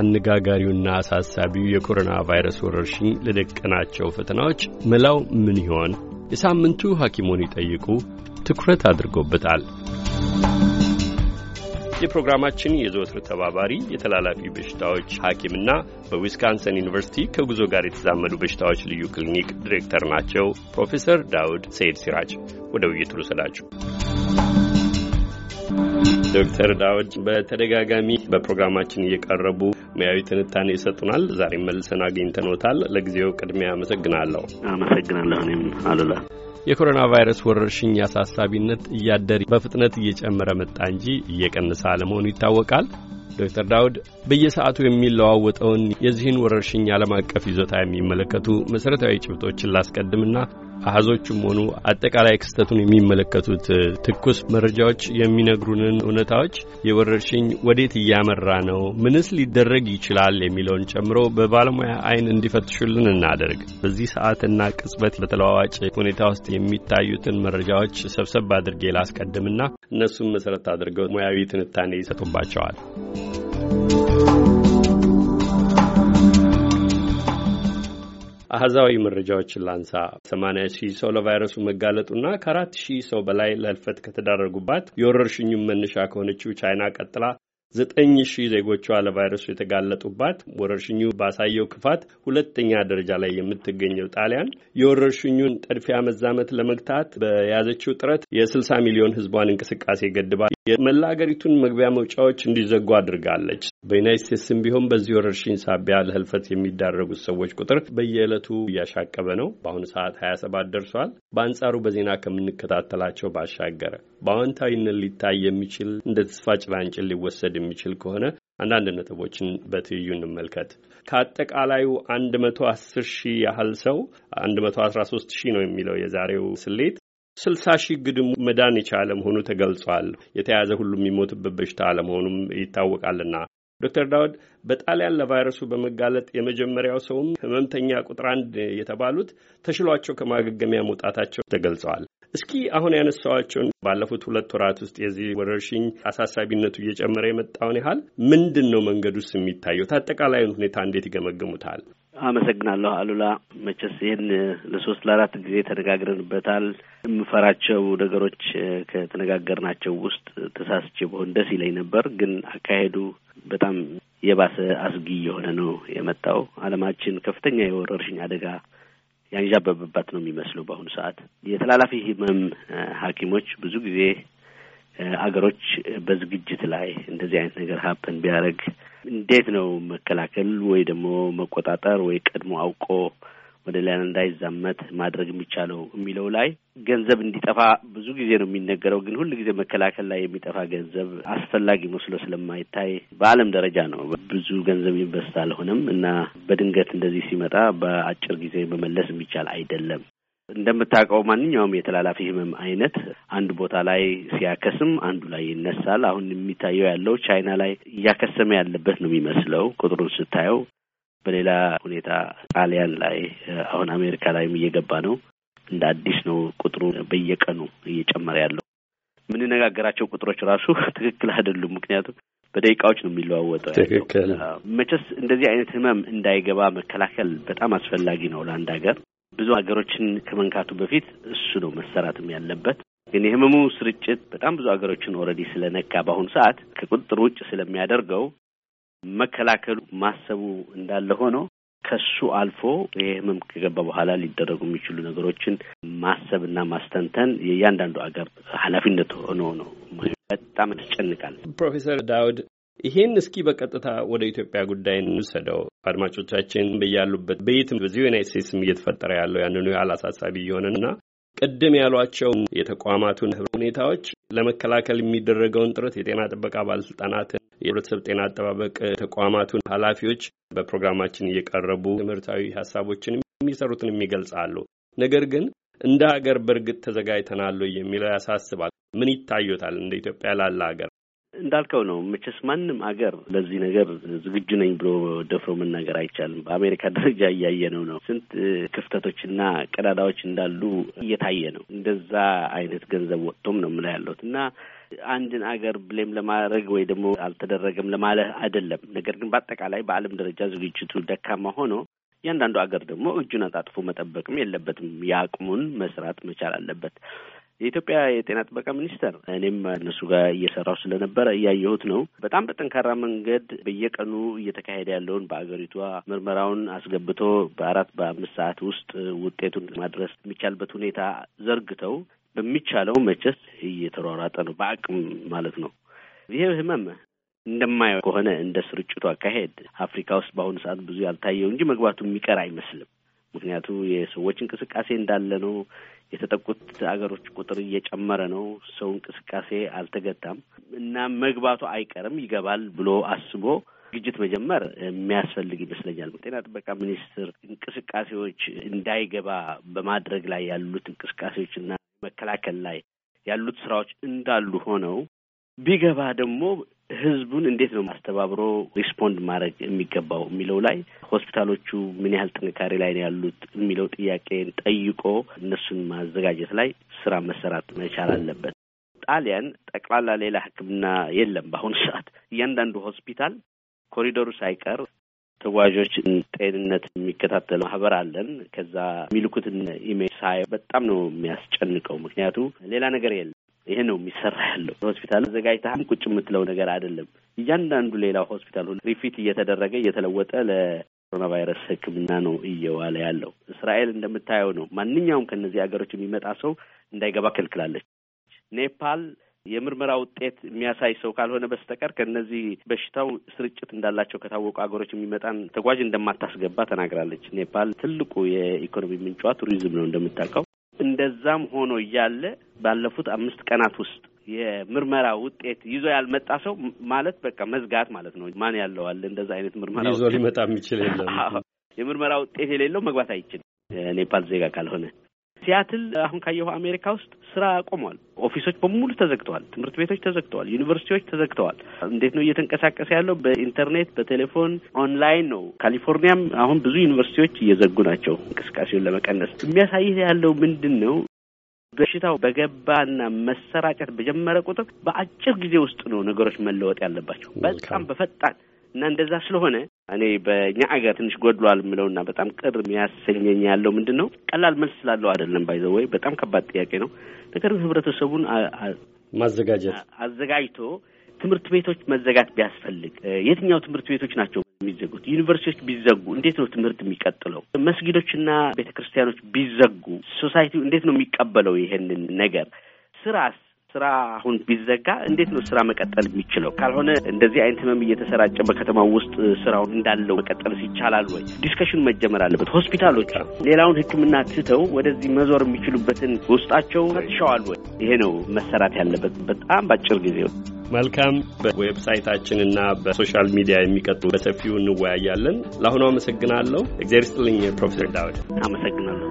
አነጋጋሪውና አሳሳቢው የኮሮና ቫይረስ ወረርሽኝ ለደቀናቸው ፈተናዎች መላው ምን ይሆን? የሳምንቱ ሐኪሞን ይጠይቁ ትኩረት አድርጎበታል። የፕሮግራማችን የዘወትር ተባባሪ የተላላፊ በሽታዎች ሐኪምና በዊስካንሰን ዩኒቨርሲቲ ከጉዞ ጋር የተዛመዱ በሽታዎች ልዩ ክሊኒክ ዲሬክተር ናቸው ፕሮፌሰር ዳውድ ሰይድ ሲራጅ። ወደ ውይይቱ ልውሰዳችሁ። ዶክተር ዳውድ በተደጋጋሚ በፕሮግራማችን እየቀረቡ ሙያዊ ትንታኔ ይሰጡናል። ዛሬም መልሰን አግኝተኖታል። ለጊዜው ቅድሚያ አመሰግናለሁ። አመሰግናለሁ እኔም አሉላ የኮሮና ቫይረስ ወረርሽኝ አሳሳቢነት እያደር በፍጥነት እየጨመረ መጣ እንጂ እየቀነሰ አለመሆኑ ይታወቃል። ዶክተር ዳውድ በየሰዓቱ የሚለዋወጠውን የዚህን ወረርሽኝ ዓለም አቀፍ ይዞታ የሚመለከቱ መሠረታዊ ጭብጦችን ላስቀድምና አህዞችም ሆኑ አጠቃላይ ክስተቱን የሚመለከቱት ትኩስ መረጃዎች የሚነግሩንን እውነታዎች የወረርሽኝ ወዴት እያመራ ነው፣ ምንስ ሊደረግ ይችላል የሚለውን ጨምሮ በባለሙያ አይን እንዲፈትሹልን እናደርግ። በዚህ ሰዓትና ቅጽበት በተለዋዋጭ ሁኔታ ውስጥ የሚታዩትን መረጃዎች ሰብሰብ አድርጌ ላስቀድምና እነሱም መሰረት አድርገው ሙያዊ ትንታኔ ይሰጡባቸዋል። አህዛዊ መረጃዎችን ላንሳ። 80 ሺህ ሰው ለቫይረሱ መጋለጡና ከአራት ሺህ ሰው በላይ ለህልፈት ከተዳረጉባት የወረርሽኙን መነሻ ከሆነችው ቻይና ቀጥላ ዘጠኝ ሺህ ዜጎቿ ለቫይረሱ የተጋለጡባት ወረርሽኙ ባሳየው ክፋት ሁለተኛ ደረጃ ላይ የምትገኘው ጣሊያን የወረርሽኙን ጠድፊያ መዛመት ለመግታት በያዘችው ጥረት የ60 ሚሊዮን ሕዝቧን እንቅስቃሴ ገድባ የመላ አገሪቱን መግቢያ መውጫዎች እንዲዘጉ አድርጋለች። በዩናይት ስቴትስም ቢሆን በዚህ ወረርሽኝ ሳቢያ ለህልፈት የሚዳረጉት ሰዎች ቁጥር በየዕለቱ እያሻቀበ ነው። በአሁኑ ሰዓት 27 ደርሷል። በአንጻሩ በዜና ከምንከታተላቸው ባሻገረ በአዎንታዊነት ሊታይ የሚችል እንደ ተስፋ ጭላንጭል ሊወሰድ የሚችል ከሆነ አንዳንድ ነጥቦችን በትይዩ እንመልከት። ከአጠቃላዩ 110 ሺህ ያህል ሰው 113 ሺህ ነው የሚለው የዛሬው ስሌት 60 ሺህ ግድሙ መዳን የቻለ መሆኑ ተገልጿል። የተያያዘ ሁሉ የሚሞትበት በሽታ አለመሆኑም ይታወቃልና ዶክተር ዳውድ በጣሊያን ለቫይረሱ በመጋለጥ የመጀመሪያው ሰውም ህመምተኛ ቁጥር አንድ የተባሉት ተሽሏቸው ከማገገሚያ መውጣታቸው ተገልጸዋል። እስኪ አሁን ያነሳዋቸውን ባለፉት ሁለት ወራት ውስጥ የዚህ ወረርሽኝ አሳሳቢነቱ እየጨመረ የመጣውን ያህል ምንድን ነው መንገዱስ የሚታየው? አጠቃላዩን ሁኔታ እንዴት ይገመግሙታል? አመሰግናለሁ አሉላ። መቼስ ይህን ለሶስት ለአራት ጊዜ ተነጋግረንበታል። የምፈራቸው ነገሮች ከተነጋገርናቸው ውስጥ ተሳስቼ በሆን ደስ ይለኝ ነበር፣ ግን አካሄዱ በጣም የባሰ አስጊ የሆነ ነው የመጣው። ዓለማችን ከፍተኛ የወረርሽኝ አደጋ ያንዣበበባት ነው የሚመስለው። በአሁኑ ሰዓት የተላላፊ ህመም ሐኪሞች ብዙ ጊዜ አገሮች በዝግጅት ላይ እንደዚህ አይነት ነገር ሀፕን ቢያደርግ እንዴት ነው መከላከል ወይ ደግሞ መቆጣጠር ወይ ቀድሞ አውቆ ወደ ሌላ እንዳይዛመት ማድረግ የሚቻለው የሚለው ላይ ገንዘብ እንዲጠፋ ብዙ ጊዜ ነው የሚነገረው። ግን ሁል ጊዜ መከላከል ላይ የሚጠፋ ገንዘብ አስፈላጊ መስሎ ስለማይታይ በዓለም ደረጃ ነው ብዙ ገንዘብ ኢንቨስት አልሆነም እና በድንገት እንደዚህ ሲመጣ በአጭር ጊዜ መመለስ የሚቻል አይደለም። እንደምታውቀው ማንኛውም የተላላፊ ህመም አይነት አንድ ቦታ ላይ ሲያከስም አንዱ ላይ ይነሳል። አሁን የሚታየው ያለው ቻይና ላይ እያከሰመ ያለበት ነው የሚመስለው ቁጥሩን ስታየው። በሌላ ሁኔታ ጣሊያን ላይ አሁን አሜሪካ ላይም እየገባ ነው። እንደ አዲስ ነው ቁጥሩ በየቀኑ እየጨመረ ያለው። የምንነጋገራቸው ቁጥሮች ራሱ ትክክል አይደሉም፣ ምክንያቱም በደቂቃዎች ነው የሚለዋወጠው። ትክክል መቼስ እንደዚህ አይነት ህመም እንዳይገባ መከላከል በጣም አስፈላጊ ነው ለአንድ ሀገር ብዙ ሀገሮችን ከመንካቱ በፊት እሱ ነው መሰራትም ያለበት። ግን የህመሙ ስርጭት በጣም ብዙ ሀገሮችን ኦልሬዲ ስለነካ በአሁኑ ሰዓት ከቁጥጥር ውጭ ስለሚያደርገው መከላከሉ ማሰቡ እንዳለ ሆኖ ከሱ አልፎ ይህ ህመም ከገባ በኋላ ሊደረጉ የሚችሉ ነገሮችን ማሰብና ማስተንተን የእያንዳንዱ ሀገር ኃላፊነት ሆኖ ነው። በጣም ያስጨንቃል። ፕሮፌሰር ዳውድ ይሄን እስኪ በቀጥታ ወደ ኢትዮጵያ ጉዳይ እንውሰደው። አድማጮቻችን በያሉበት በየትም በዚሁ ዩናይት ስቴትስም እየተፈጠረ ያለው ያንኑ ያህል አሳሳቢ እየሆነና ቅድም ያሏቸው የተቋማቱን ህብረ ሁኔታዎች ለመከላከል የሚደረገውን ጥረት የጤና ጥበቃ ባለስልጣናትን፣ የህብረተሰብ ጤና አጠባበቅ ተቋማቱን ኃላፊዎች በፕሮግራማችን እየቀረቡ ትምህርታዊ ሀሳቦችን የሚሰሩትን የሚገልጻሉ። ነገር ግን እንደ ሀገር በእርግጥ ተዘጋጅተናል የሚለው ያሳስባል። ምን ይታዩታል እንደ ኢትዮጵያ ላለ ሀገር እንዳልከው ነው መቼስ ማንም አገር ለዚህ ነገር ዝግጁ ነኝ ብሎ ደፍሮ መናገር አይቻልም። በአሜሪካ ደረጃ እያየነው ነው። ስንት ክፍተቶችና ቀዳዳዎች እንዳሉ እየታየ ነው። እንደዛ አይነት ገንዘብ ወጥቶም ነው የምለው ያለሁት እና አንድን አገር ብሌም ለማድረግ ወይ ደግሞ አልተደረገም ለማለህ አይደለም። ነገር ግን በአጠቃላይ በዓለም ደረጃ ዝግጅቱ ደካማ ሆኖ እያንዳንዱ አገር ደግሞ እጁን አጣጥፎ መጠበቅም የለበትም። የአቅሙን መስራት መቻል አለበት። የኢትዮጵያ የጤና ጥበቃ ሚኒስቴር እኔም እነሱ ጋር እየሰራው ስለነበረ እያየሁት ነው። በጣም በጠንካራ መንገድ በየቀኑ እየተካሄደ ያለውን በአገሪቷ ምርመራውን አስገብቶ በአራት በአምስት ሰዓት ውስጥ ውጤቱን ማድረስ የሚቻልበት ሁኔታ ዘርግተው በሚቻለው መቼስ እየተሯሯጠ ነው፣ በአቅም ማለት ነው። ይሄ ህመም እንደማየው ከሆነ እንደ ስርጭቱ አካሄድ አፍሪካ ውስጥ በአሁኑ ሰዓት ብዙ ያልታየው እንጂ መግባቱ የሚቀር አይመስልም። ምክንያቱ የሰዎች እንቅስቃሴ እንዳለ ነው። የተጠቁት ሀገሮች ቁጥር እየጨመረ ነው። ሰው እንቅስቃሴ አልተገታም እና መግባቱ አይቀርም ይገባል ብሎ አስቦ ዝግጅት መጀመር የሚያስፈልግ ይመስለኛል። ጤና ጥበቃ ሚኒስቴር እንቅስቃሴዎች እንዳይገባ በማድረግ ላይ ያሉት እንቅስቃሴዎች እና መከላከል ላይ ያሉት ስራዎች እንዳሉ ሆነው ቢገባ ደግሞ ህዝቡን እንዴት ነው ማስተባብሮ ሪስፖንድ ማድረግ የሚገባው የሚለው ላይ ሆስፒታሎቹ ምን ያህል ጥንካሬ ላይ ነው ያሉት የሚለው ጥያቄን ጠይቆ እነሱን ማዘጋጀት ላይ ስራ መሰራት መቻል አለበት። ጣሊያን ጠቅላላ ሌላ ሕክምና የለም በአሁኑ ሰዓት። እያንዳንዱ ሆስፒታል ኮሪደሩ ሳይቀር ተጓዦች ጤንነት የሚከታተል ማህበር አለን። ከዛ የሚልኩትን ኢሜል ሳይ በጣም ነው የሚያስጨንቀው። ምክንያቱ ሌላ ነገር የለም። ይሄ ነው የሚሰራ ያለው። ሆስፒታል አዘጋጅተህም ቁጭ የምትለው ነገር አይደለም። እያንዳንዱ ሌላ ሆስፒታል ሪፊት እየተደረገ እየተለወጠ ለኮሮና ቫይረስ ሕክምና ነው እየዋለ ያለው። እስራኤል እንደምታየው ነው። ማንኛውም ከነዚህ ሀገሮች የሚመጣ ሰው እንዳይገባ ከልክላለች። ኔፓል የምርመራ ውጤት የሚያሳይ ሰው ካልሆነ በስተቀር ከነዚህ በሽታው ስርጭት እንዳላቸው ከታወቁ ሀገሮች የሚመጣን ተጓዥ እንደማታስገባ ተናግራለች። ኔፓል ትልቁ የኢኮኖሚ ምንጯ ቱሪዝም ነው እንደምታውቀው። እንደዛም ሆኖ እያለ ባለፉት አምስት ቀናት ውስጥ የምርመራ ውጤት ይዞ ያልመጣ ሰው ማለት በቃ መዝጋት ማለት ነው። ማን ያለዋል? እንደዛ አይነት ምርመራ ይዞ ሊመጣ የሚችል የለም። የምርመራ ውጤት የሌለው መግባት አይችልም፣ ኔፓል ዜጋ ካልሆነ ሲያትል አሁን ካየሁ አሜሪካ ውስጥ ስራ ቆሟል። ኦፊሶች በሙሉ ተዘግተዋል። ትምህርት ቤቶች ተዘግተዋል። ዩኒቨርሲቲዎች ተዘግተዋል። እንዴት ነው እየተንቀሳቀሰ ያለው? በኢንተርኔት በቴሌፎን ኦንላይን ነው። ካሊፎርኒያም አሁን ብዙ ዩኒቨርሲቲዎች እየዘጉ ናቸው፣ እንቅስቃሴውን ለመቀነስ። የሚያሳይህ ያለው ምንድን ነው? በሽታው በገባና መሰራጨት በጀመረ ቁጥር በአጭር ጊዜ ውስጥ ነው ነገሮች መለወጥ ያለባቸው፣ በጣም በፈጣን እና እንደዛ ስለሆነ እኔ በእኛ አገር ትንሽ ጎድሏል የምለውና በጣም ቅር የሚያሰኘኝ ያለው ምንድን ነው ቀላል መልስ ስላለው አይደለም። ባይዘው ወይ በጣም ከባድ ጥያቄ ነው። ነገር ግን ህብረተሰቡን ማዘጋጀት አዘጋጅቶ ትምህርት ቤቶች መዘጋት ቢያስፈልግ የትኛው ትምህርት ቤቶች ናቸው የሚዘጉት? ዩኒቨርሲቲዎች ቢዘጉ እንዴት ነው ትምህርት የሚቀጥለው? መስጊዶችና ቤተ ክርስቲያኖች ቢዘጉ ሶሳይቲው እንዴት ነው የሚቀበለው ይሄንን ነገር? ስራስ ስራ አሁን ቢዘጋ እንዴት ነው ስራ መቀጠል የሚችለው? ካልሆነ እንደዚህ አይነት ህመም እየተሰራጨ በከተማ ውስጥ ስራውን እንዳለው መቀጠል ይቻላል ወይ? ዲስከሽኑ መጀመር አለበት። ሆስፒታሎች ሌላውን ህክምና ትተው ወደዚህ መዞር የሚችሉበትን ውስጣቸው ፈትሸዋል ወይ? ይሄ ነው መሰራት ያለበት በጣም በአጭር ጊዜ። መልካም። በዌብሳይታችንና በሶሻል ሚዲያ የሚቀጥሉ በሰፊው እንወያያለን። ለአሁኑ አመሰግናለሁ። እግዚአብሔር ይስጥልኝ ፕሮፌሰር ዳዊት አመሰግናለሁ።